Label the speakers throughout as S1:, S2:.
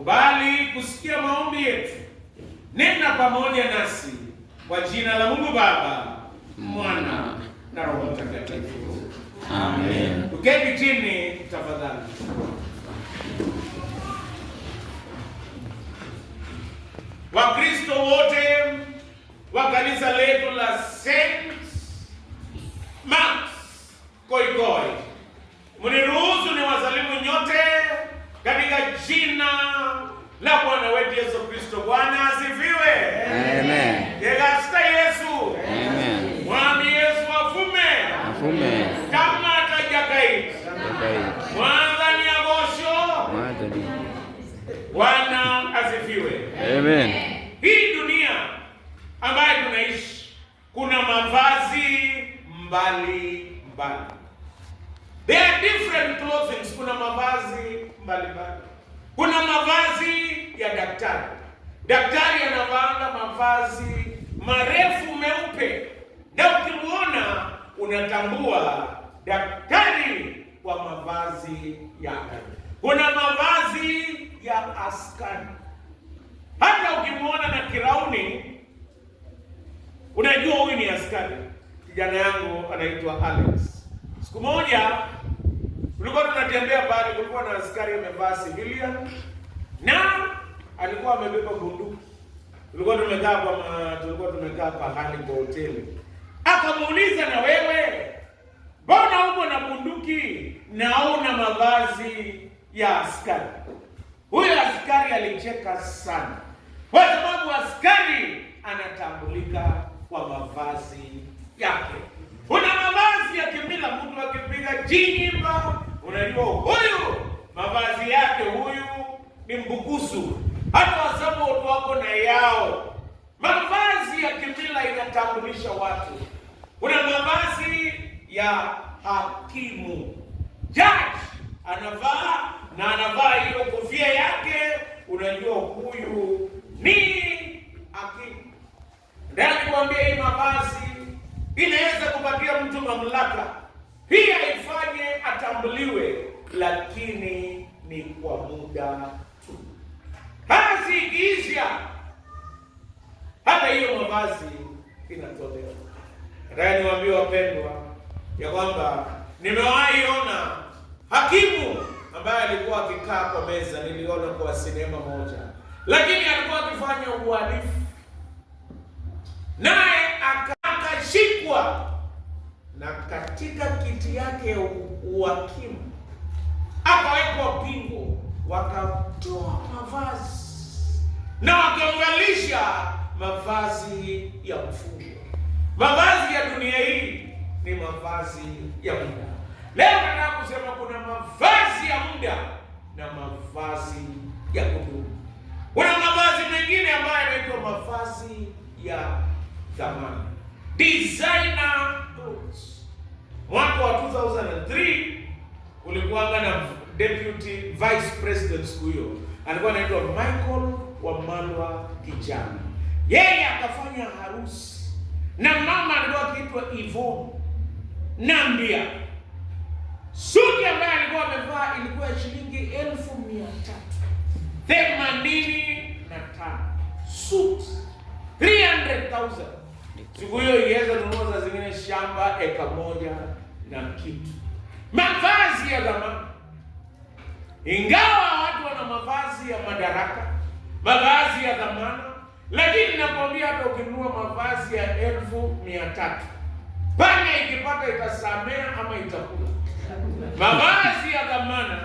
S1: kubali kusikia maombi yetu, nena pamoja nasi kwa jina la Mungu Baba,
S2: Mwana
S1: na Roho Mtakatifu,
S2: amen.
S1: Uketi chini tafadhali. Wakristo wote wa kanisa letu la st Max Koikoi, mniruhusu ni wasalimu nyote katika jina la Bwana wetu Yesu Kristo. Bwana asifiwe.
S2: Amen.
S1: Katika Yesu.
S2: Amen.
S1: Mwami Yesu afume. Afume. Kama atajakai.
S2: Atajakai.
S1: Mwanza ni agosho. Mwanza ni. Bwana asifiwe. Amen. Hii dunia ambayo tunaishi kuna mavazi mbali mbali. There are different clothing, kuna mavazi mbalimbali. Kuna mavazi ya daktari. Daktari anavaanga mavazi marefu meupe, na ukimwona unatambua daktari wa mavazi yake. Kuna mavazi ya askari, hata ukimwona na kirauni unajua huyu ni askari. Kijana yangu anaitwa Alex, siku moja Kulikuwa tunatembea pale, kulikuwa na askari amevaa sivilia na alikuwa amebeba bunduki. Tulikuwa tumekaa kwa tulikuwa tumekaa pahali kwa hoteli, akamuuliza na wewe mbona uko na bunduki na una mavazi ya askari? Huyo askari alicheka sana, kwa sababu askari anatambulika kwa mavazi yake. Una mavazi ya kimila, mtu akipiga jimba unajua huyu mavazi yake huyu ni mbukusu, hata watu wako na yao. Mavazi ya kimila inatambulisha watu. Kuna mavazi ya hakimu, judge anavaa na anavaa hiyo kofia yake, unajua huyu ni hakimu. Ndio nikwambia hii mavazi inaweza kupatia mtu mamlaka hii haifanye atambuliwe, lakini ni kwa muda tu. Kazi ikiisha, hata hiyo mavazi inatolewa. Nataka niwaambie wapendwa, ya kwamba nimewahi ona hakimu ambaye alikuwa akikaa kwa meza, niliona kwa sinema moja, lakini alikuwa akifanya uhalifu, naye akashikwa na katika kiti yake uhakimu akawekwa pingu, wakatoa mavazi na wakamvalisha mavazi ya mfungo. Mavazi ya dunia hii ni mavazi ya muda. Leo nataka kusema kuna mavazi ya muda na mavazi ya kudumu. Kuna mavazi mengine ambayo yanaitwa mavazi ya dhamani designer clothes. Mwaka wa 2003 kulikuwa na deputy vice president siku hiyo alikuwa anaitwa Michael Wamalwa Kijana. Yeye akafanya harusi na mama alikuwa akiitwa Yvonne Nambia. Suti ambayo alikuwa amevaa ilikuwa shilingi elfu mia tatu themanini na tano suti 300,000 Siku hiyo iliweza nunua za zingine shamba eka moja na kitu, mavazi ya zamani, ingawa watu wana mavazi ya madaraka, mavazi ya dhamana, lakini nakwambia hata ukinunua mavazi ya elfu mia tatu panya ikipata itasamea ama itakula. Mavazi ya dhamana,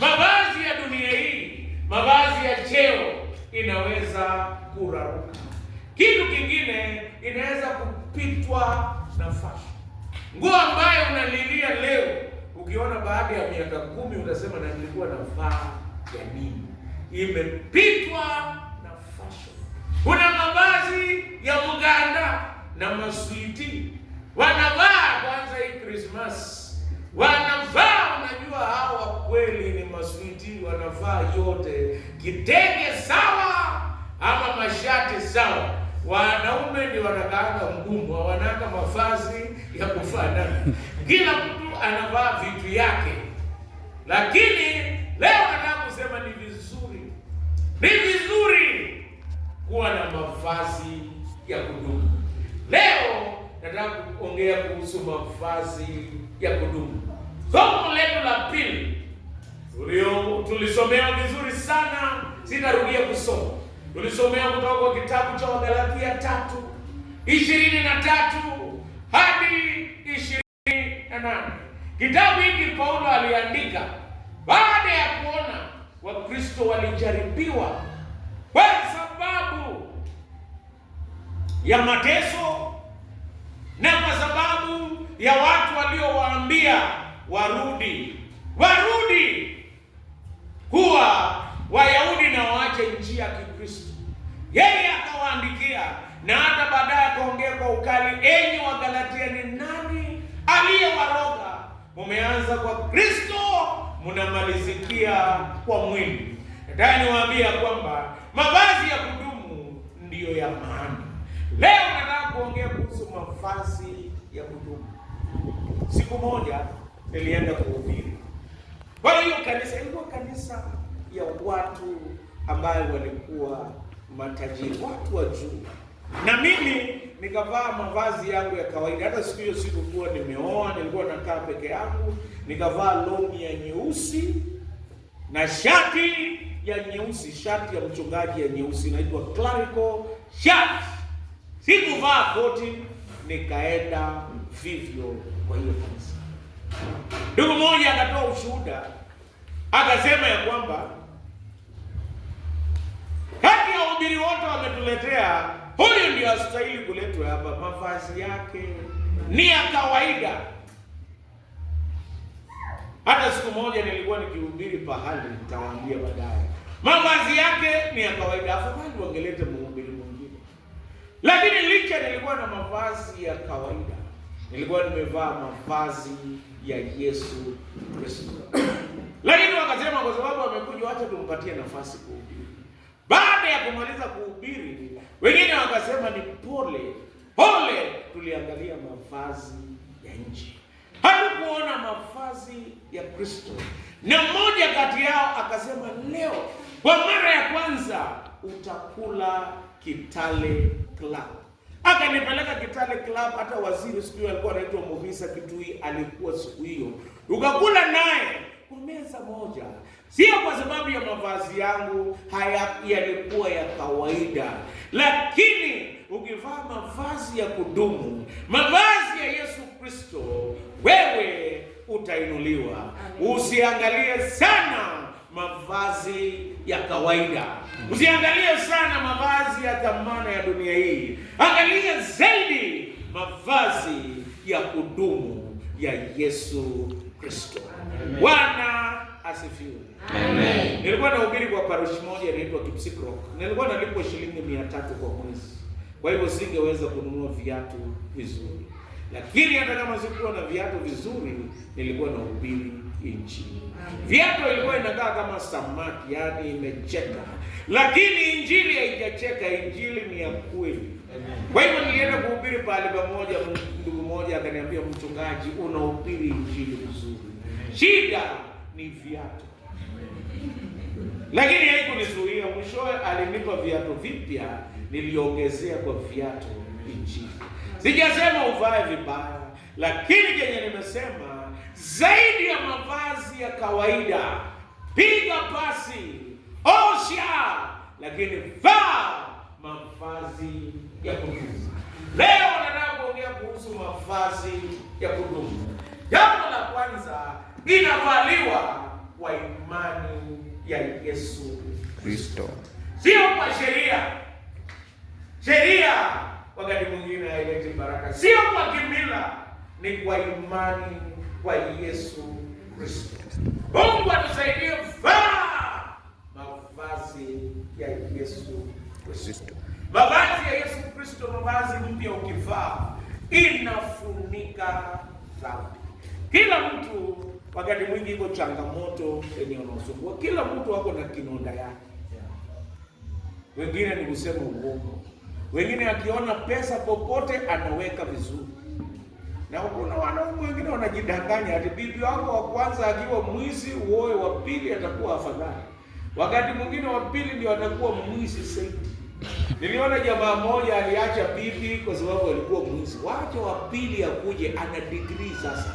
S1: mavazi ya dunia hii, mavazi ya cheo inaweza kuraruka. Kitu kingine inaweza kupitwa na fashion. Nguo ambayo unalilia leo, ukiona baada ya miaka kumi utasema na nilikuwa navaa ya nini? Imepitwa na fashion. Kuna mavazi ya Uganda na maswiti wanavaa kwanza hii Christmas wanavaa unajua, hawa kweli ni maswiti, wanavaa yote kitenge sawa, ama mashati sawa Wanaume ni wanakaanga mgumu, hawananga mavazi ya kufanana, kila mtu anavaa vitu yake. Lakini leo nataka kusema ni vizuri, ni vizuri kuwa na mavazi ya kudumu. Leo nataka kuongea kuhusu mavazi ya kudumu. Somo letu la pili tulisomea tulisomewa vizuri sana, sitarudia kusoma Tulisomea kutoka kwa kitabu cha Wagalatia tatu ishirini na tatu hadi ishirini na nane. Kitabu hiki Paulo aliandika baada ya kuona Wakristo walijaribiwa kwa sababu ya mateso na kwa sababu ya watu waliowaambia warudi warudi kuwa Wayahudi na waache njia ya Kikristo. Yeye akawaandikia na hata baadaye akaongea kwa ukali, enyi galatia ni nani aliyewaroga? Mumeanza kwa Kristo, mnamalizikia kwa mwili. Nataka niwaambia kwamba mavazi ya kudumu ndiyo ya maana. Leo nataka kuongea kuhusu mavazi ya kudumu. Siku moja nilienda kuhubiri, kwa hiyo kanisa ilikuwa kanisa ya watu ambayo walikuwa matajiri, watu wa juu, na mimi nikavaa mavazi yangu ya kawaida. Hata siku hiyo sikukuwa nimeoa, nilikuwa nakaa peke yangu, nikavaa longi ya nyeusi na shati ya nyeusi, shati ya mchungaji ya nyeusi, inaitwa clerical shirt. Sikuvaa koti, nikaenda vivyo kwa hiyo kanisa. Ndugu mmoja akatoa ushuhuda akasema ya kwamba kati ya wahubiri wote wametuletea, huyu ndio astahili kuletwa hapa. Mavazi yake ni ya kawaida. Hata siku moja nilikuwa nikihubiri pahali, nitawaambia baadaye, mavazi yake ni ya kawaida. Afadhali wangelete mhubiri mwingine, lakini licha nilikuwa na mavazi ya kawaida, nilikuwa nimevaa mavazi ya Yesu Kristo. Lakini wakasema kwa sababu amekuja, acha tumpatie nafasi kuhubiri. Baada ya kumaliza kuhubiri, wengine wakasema ni pole pole, tuliangalia mavazi ya nje, hatukuona mavazi ya Kristo. Na mmoja kati yao akasema, leo kwa mara ya kwanza utakula Kitale Club. Akanipeleka Kitale Club, hata waziri siku hiyo alikuwa anaitwa Movisa Kitui, alikuwa siku hiyo, ukakula naye kwa meza moja. Sio kwa sababu ya mavazi yangu haya yalikuwa ya kawaida, lakini ukivaa mavazi ya kudumu, mavazi ya Yesu Kristo, wewe utainuliwa. Usiangalie sana mavazi ya kawaida, usiangalie sana mavazi ya thamana ya dunia hii. Angalia zaidi mavazi ya kudumu ya Yesu Kristo. Bwana asifiwe. Amen. Nilikuwa nahubiri kwa parish moja inaitwa Kipsik Rock. Nilikuwa nalipwa shilingi 300 kwa mwezi, kwa hivyo singeweza kununua viatu vizuri, lakini hata kama sikuwa na viatu vizuri, nilikuwa nahubiri injili. Viatu ilikuwa inakaa kama samaki, yani imecheka, lakini injili haijacheka. Injili ni ya kweli. Kwa hivyo nilienda kuhubiri pale pamoja, ndugu mmoja akaniambia, mchungaji, unahubiri injili vizuri, shida ni viatu lakini haikunizuia. Mwishowe alinipa viatu vipya, niliongezea kwa viatu vingine. Sijasema uvae vibaya, lakini chenye nimesema zaidi ya mavazi ya kawaida, piga pasi, osha, lakini vaa mavazi ya kudumu. Leo nataka kuongea kuhusu mavazi ya kudumu. Jambo la kwanza inavaliwa kwa imani ya Yesu Kristo, sio kwa sheria. Sheria wakati mwingine haileti baraka, sio kwa kimila, ni kwa imani kwa Yesu Kristo. Mungu atusaidie, vaa mavazi ya Yesu Kristo. Mavazi ya Yesu Kristo, mavazi mpya ukivaa inafunika dhambi. Kila mtu wakati mwingi iko changamoto yenye unaosumbua, kila mtu wako na kinonda yake. Wengine ni kusema uongo, wengine akiona pesa popote anaweka vizuri, na kuna wanaume wengine wanajidanganya ati bibi wako wa kwanza akiwa mwizi uoe wa pili atakuwa afadhali, wakati mwingine wa pili ndio atakuwa mwizi zaidi. Niliona jamaa moja aliacha bibi kwa sababu alikuwa mwizi. Wacha wa pili akuje, ana degree sasa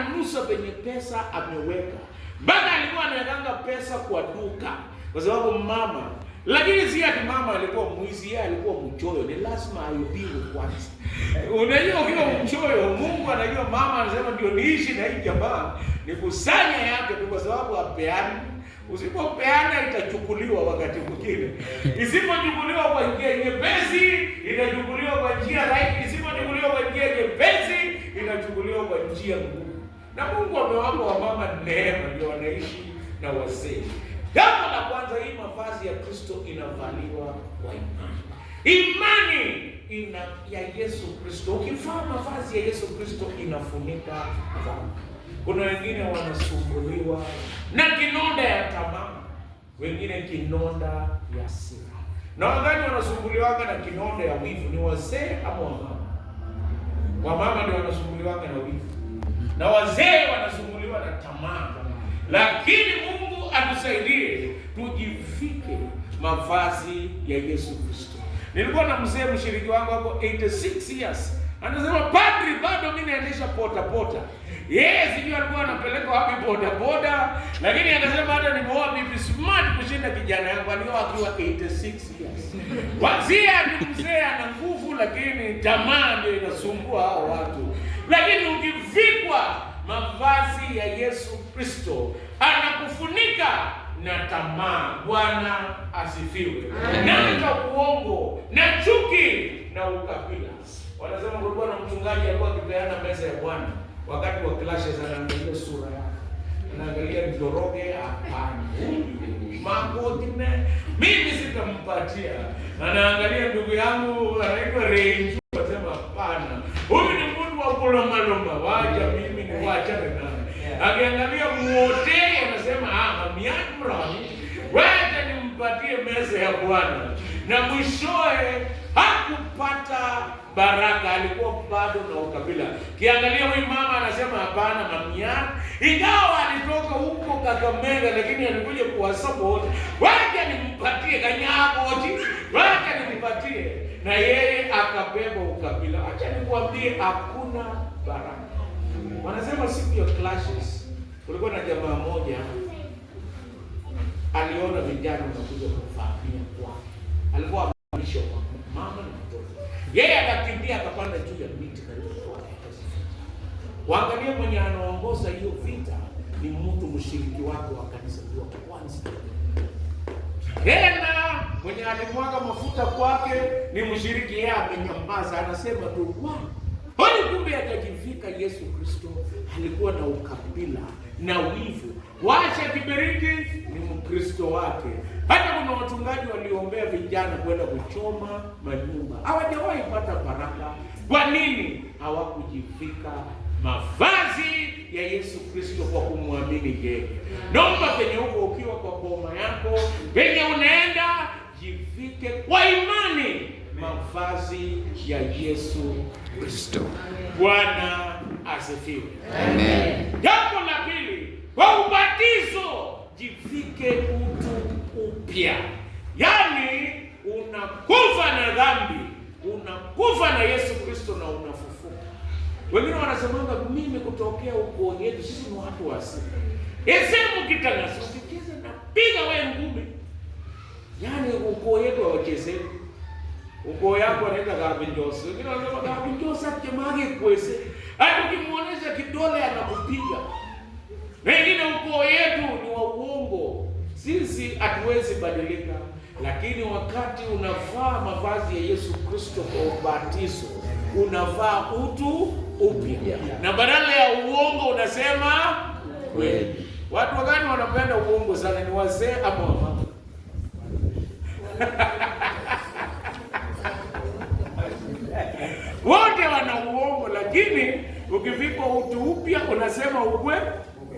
S1: ananusa venye pesa ameweka. Baba alikuwa anawekanga pesa kwa duka kwa sababu mama, lakini si ati mama alikuwa mwizi, yeye alikuwa mchoyo. Ni lazima ayubiwe kwanza. Unajua, ukiwa mchoyo, Mungu anajua. Mama anasema ndio niishi na hii jamaa, nikusanya yake tu, kwa sababu apeani Usipopeana itachukuliwa wakati mwingine. Isipochukuliwa kwa njia nyepesi, itachukuliwa kwa njia rahisi. Isipochukuliwa kwa njia nyepesi, inachukuliwa kwa njia ngumu na Mungu amewapa wamama neema ndio wanaishi na wazee. Jambo la kwanza, hii mavazi ya Kristo inavaliwa kwa imani. Imani ina ya Yesu Kristo. Ukivaa mavazi ya Yesu Kristo inafunika dhambi. Kuna wengine wanasumbuliwa na kinonda ya tamaa, wengine kinonda ya sira, na wangani wanasumbuliwaga na kinonda ya wivu. Ni wazee ama wamama? Wamama ndio wanasumbuliwaga na wivu na wazee wanasumbuliwa na tamaa, lakini Mungu atusaidie tujifike mavazi ya Yesu Kristo. Nilikuwa na mzee mshiriki wangu hapo 86 years anasema padri, bado mimi naendesha pota pota. Yeye sijui alikuwa anapeleka wapi boda boda, lakini anasema hata nimeoa bibi smart kushinda kijana yangu alio akiwa 86 years. Wazia ni mzee ana nguvu, lakini tamaa ndio inasumbua hao watu lakini ukivikwa mavazi ya Yesu Kristo anakufunika na tamaa. Bwana asifiwe. cha uongo na chuki na ukabila, wanasema kulikuwa na mchungaji alikuwa akipeana meza ya Bwana wakati wa clashes, anaangalia sura yake, anaangalia mdoroge. Hapana, magoti mimi sitampatia. Anaangalia ndugu yangu anaitwa Renju, anasema waja mimi ni wachane naye. Akiangalia wote anasema ah, miabrani wacha nimpatie meza ya Bwana, na mwishoe hakupata baraka, alikuwa bado na ukabila. Kiangalia huyu mama anasema hapana, mamia ingawa alitoka huko Kakamega, lakini alikuja kuwasaba wote, wacha nimpatie Kanyaboji, wacha nimpatie na yeye akabeba ukabila. Acha nikwambie, hakuna baraka Wanasema siku ya clashes kulikuwa na jamaa moja aliona vijana wanakuja kumfahamia kwa. alikuwa kwa mama na mtoto, yeye akakimbia akapanda juu ya miti na kwake. Waangalie mwenye anaongoza hiyo vita ni mtu mshiriki wake wa kanisa wa kwanza. Tena mwenye alimwaga mafuta kwake ni mshiriki, yeye amenyamaza, anasema tu Bali kumbe akajivika Yesu Kristo alikuwa na ukabila na wivu, washa kibiriki ni Mkristo wake. Hata kuna wachungaji waliombea vijana kwenda kuchoma majumba, hawajawahi pata baraka. Kwa nini? Hawakujivika mavazi ya Yesu Kristo kwa kumwamini yeye. Naomba penye huko ukiwa kwa boma yako, penye unaenda, jivike kwa imani mavazi ya Yesu Kristo. Bwana asifiwe.
S2: Amen.
S1: Jambo la pili, kwa ubatizo jivike utu upya, yaani unakufa na dhambi, unakufa na Yesu Kristo na unafufuka. Wengine wanasemanga mimi kutokea huko yetu, sisi ni watu wa asili esemu na piga we ngumi, yaani ukoo yetu hawachezei ukoo yako anaenda Garvinjosi, wengine wanasema Garvinjosi akemage kwese, hata ukimuonesha kidole anakupiga. Wengine ukoo yetu ni wa uongo, sisi hatuwezi badilika. Lakini wakati unavaa mavazi ya Yesu Kristo kwa ubatizo, unavaa utu upya, na badala ya uongo unasema kweli. Watu wagani wanapenda uongo sana? Ni wazee ama wamama? wote wana uongo, lakini ukivikwa utu upya unasema ukweli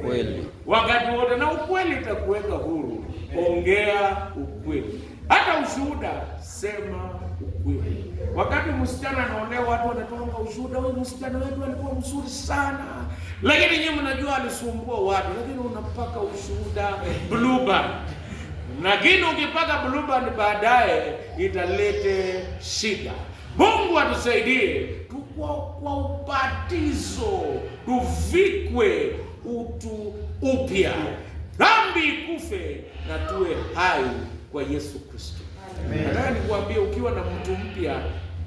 S1: kweli wakati wote, na ukweli itakuweka huru. Ongea ukweli, hata ushuhuda, sema ukweli. Wakati msichana anaonea, watu wanatonga ushuhuda, huyu msichana wetu alikuwa mzuri sana, lakini nyinyi mnajua alisumbua watu, lakini unapaka ushuhuda bluba Lakini ukipaka bluba baadaye italete shida. Mungu atusaidie kwa ubatizo tuvikwe utu upya, dhambi ikufe na tuwe hai kwa Yesu Kristo. Nataka nikuambie ukiwa na mtu mpya.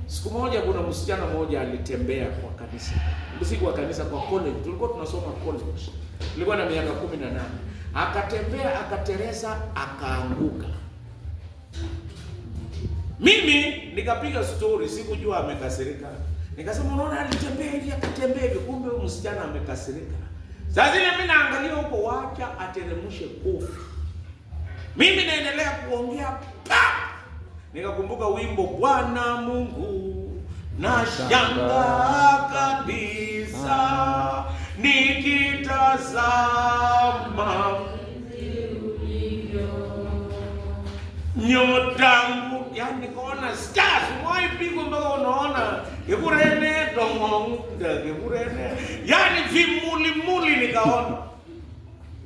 S1: Siku moja kuna msichana mmoja alitembea kwa kanisa, siku kwa kanisa kwa college, tulikuwa tunasoma college, tulikuwa na miaka kumi na nane. Akatembea akatereza, akaanguka mimi nikapiga story, sikujua amekasirika. Nikasema unaona, alitembea hivi akatembea hivi, kumbe msichana amekasirika. Sasa zile mimi naangalia huko, wacha ateremshe kofi, mimi naendelea kuongea pa, nikakumbuka wimbo Bwana Mungu na shanga kabisa, nikitazama nyota yaani nikaona stars mwaipigwa mpaka unaona kekurene domongda kekurene yaani vimulimuli nikaona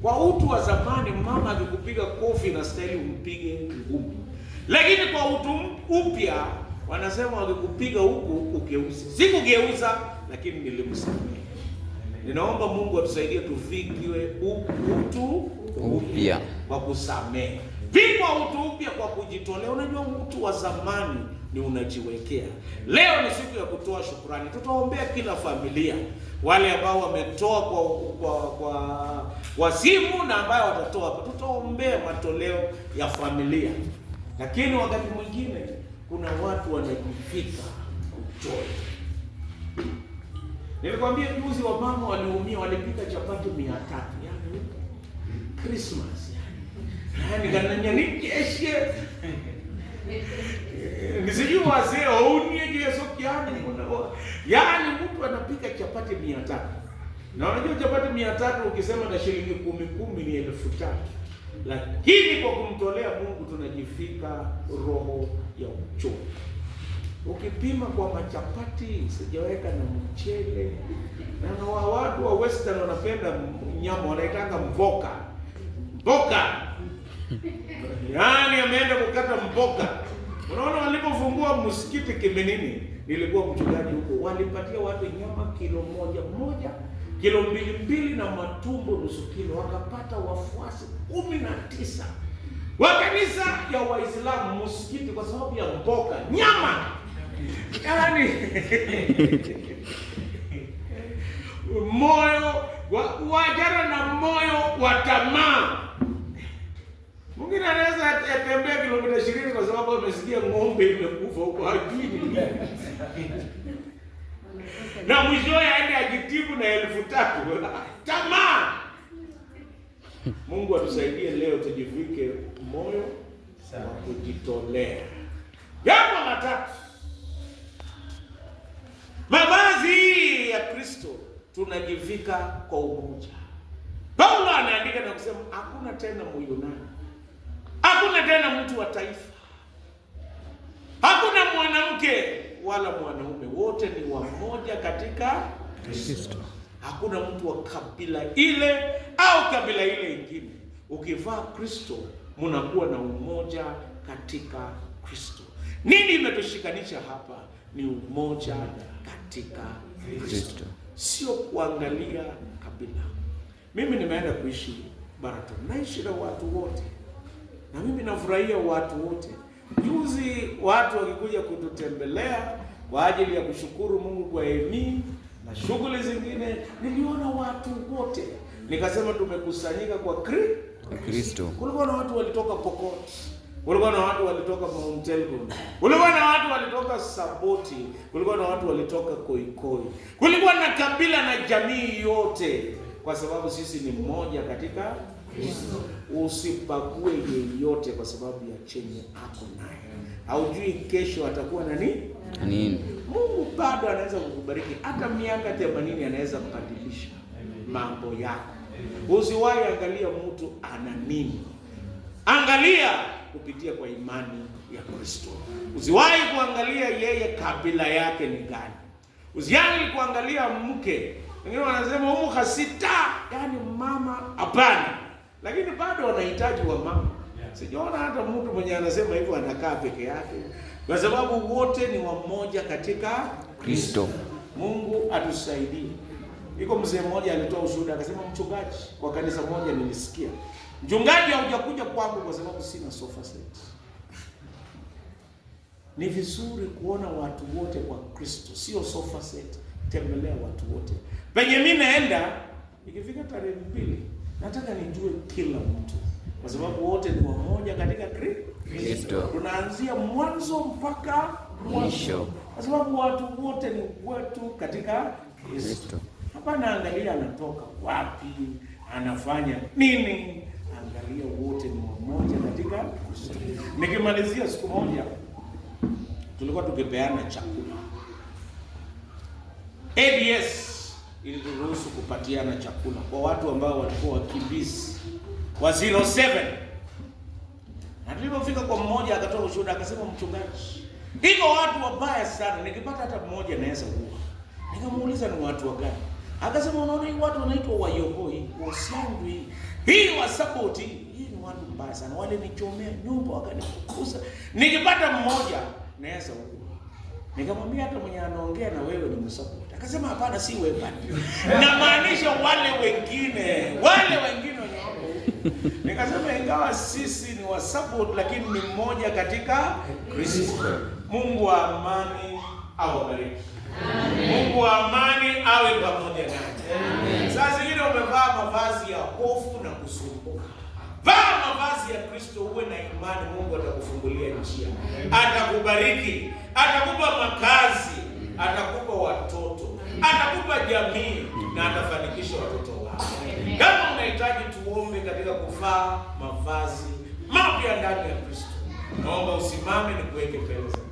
S1: kwa utu wa zamani mama akikupiga kofi na stahili umpige ngumi lakini kwa utu upya wanasema wakikupiga huku ugeuze sikugeuza lakini nilimsamehe ninaomba Mungu atusaidie tufikiwe utu upya kwa kusamehe kujipima utu upya kwa kujitolea. Unajua mtu wa zamani ni unajiwekea. Leo ni siku ya kutoa shukrani. Tutaombea kila familia, wale ambao wametoa kwa kwa kwa, kwa na ambayo watatoa tutaombea matoleo ya familia. Lakini wakati mwingine kuna watu wanajifika kutoa. Nilikwambia juzi, wamama waliumia, walipika chapati mia tatu, yaani, Christmas Nikanyanya yaani nikeshe. Nisijui wazee wauni juu ya soko yani nikwenda. Yaani mtu anapika chapati 300. Na unajua chapati 300 ukisema na shilingi 10 10 ni elfu tatu. Lakini kwa kumtolea Mungu tunajifika roho ya uchovu. Ukipima kwa machapati sijaweka na mchele na watu wa western wanapenda nyama wanaitanga mboka mboka yaani ameenda kukata mboga? Unaona walipofungua msikiti Kiminini, nilikuwa mchungaji huko, walipatia watu nyama kilo moja moja, kilo mbili mbili na matumbo nusu kilo, wakapata wafuasi kumi na tisa wa kanisa ya Waislamu msikiti, kwa sababu ya mboga nyama. Yaani moyo wajara na moyo wa tamaa Mwingine anaweza tembea kilomita 20 kwa sababu amesikia ng'ombe imekufa huko akili. Na mwishowe aende ajitibu na elfu tatu. Tamaa. Mungu atusaidie leo tujivike moyo wa kujitolea. Jambo la tatu. Mavazi ya Kristo tunajivika kwa umoja. Paulo anaandika na kusema hakuna tena Myunani wa taifa. Hakuna mwanamke wala mwanaume, wote ni wamoja katika Kristo. Hakuna mtu wa kabila ile au kabila ile ingine. Ukivaa Kristo, mnakuwa na umoja katika Kristo. Nini imetushikanisha hapa? Ni umoja katika Kristo, sio kuangalia kabila. Mimi nimeenda kuishi Baraton, naishi na watu wote na mimi nafurahia watu wote. Juzi watu wakikuja kututembelea kwa ajili ya kushukuru Mungu kwa Emii na shughuli zingine, niliona watu wote, nikasema tumekusanyika kwa Kristo. Kulikuwa na watu walitoka Pokot, kulikuwa na watu walitoka Mount Elgon, kulikuwa na watu walitoka Saboti, kulikuwa na watu walitoka Koikoi, kulikuwa na kabila na jamii yote, kwa sababu sisi ni mmoja katika Usibague yeyote kwa sababu ya chenye ako naye. Haujui kesho atakuwa na nini? Nini? Mungu bado anaweza kukubariki hata miaka themanini, anaweza kubadilisha mambo yako. Usiwahi angalia mtu ana nini, angalia kupitia kwa imani ya Kristo. Usiwahi kuangalia yeye kabila yake ni gani, usiwahi kuangalia mke. Wengine wanasema umu hasita, yani mama, hapana lakini bado wanahitaji wamama. Sijaona hata mtu mwenye anasema hivyo anakaa peke yake, kwa sababu wote ni wamoja katika Kristo. Mungu atusaidie. Iko mzee mmoja alitoa ushuhuda akasema, mchungaji kwa kanisa moja nilisikia, mchungaji, haujakuja kwangu kwa sababu sina sofa set. Ni vizuri kuona watu wote kwa Kristo, sio sofa set. Tembelea watu wote penye mimi naenda, ikifika tarehe mbili Nataka nijue kila mtu, kwa sababu wote ni wamoja katika Kristo. Tunaanzia mwanzo mpaka mwisho, kwa sababu watu wote ni wetu katika Kristo. Hapa naangalia anatoka wapi, anafanya nini. Angalia wote ni wamoja katika Kristo. Nikimalizia, siku moja tulikuwa tukipeana chakula ADS ili ilituruhusu kupatiana chakula kwa watu ambao walikuwa wakimbizi wa 07. seven. Na nilipofika kwa mmoja akatoa ushuhuda akasema, mchungaji, hivyo watu wabaya sana, nikipata hata mmoja naweza kuua. Nikamuuliza ni watu wa gani? Akasema, unaona hii watu wanaitwa Wayohoi, Wasiangwi, hii wa support, hii ni watu mbaya sana, wale nichomea nyumba, wakanifukuza, nikipata mmoja naweza kuua. Nikamwambia hata mwenye anaongea na wewe ni msapoti. Akasema hapana, si wewe bali. Namaanisha wale wengine, wale wengine wenye wako. Nikasema ingawa sisi ni wasapoti, lakini ni mmoja katika Kristo. Mungu wa amani awabariki. Mungu wa amani awe pamoja nanyi. Saa zingine umevaa mavazi ya hofu na kusumbuka. Vaa mavazi ya Kristo, uwe na imani, Mungu atakufungulia njia, atakubariki atakupa makazi, atakupa watoto, atakupa jamii na atafanikisha watoto wako. Kama unahitaji tuombe katika kuvaa mavazi mapya ndani ya Kristo, naomba usimame, nikuweke mbele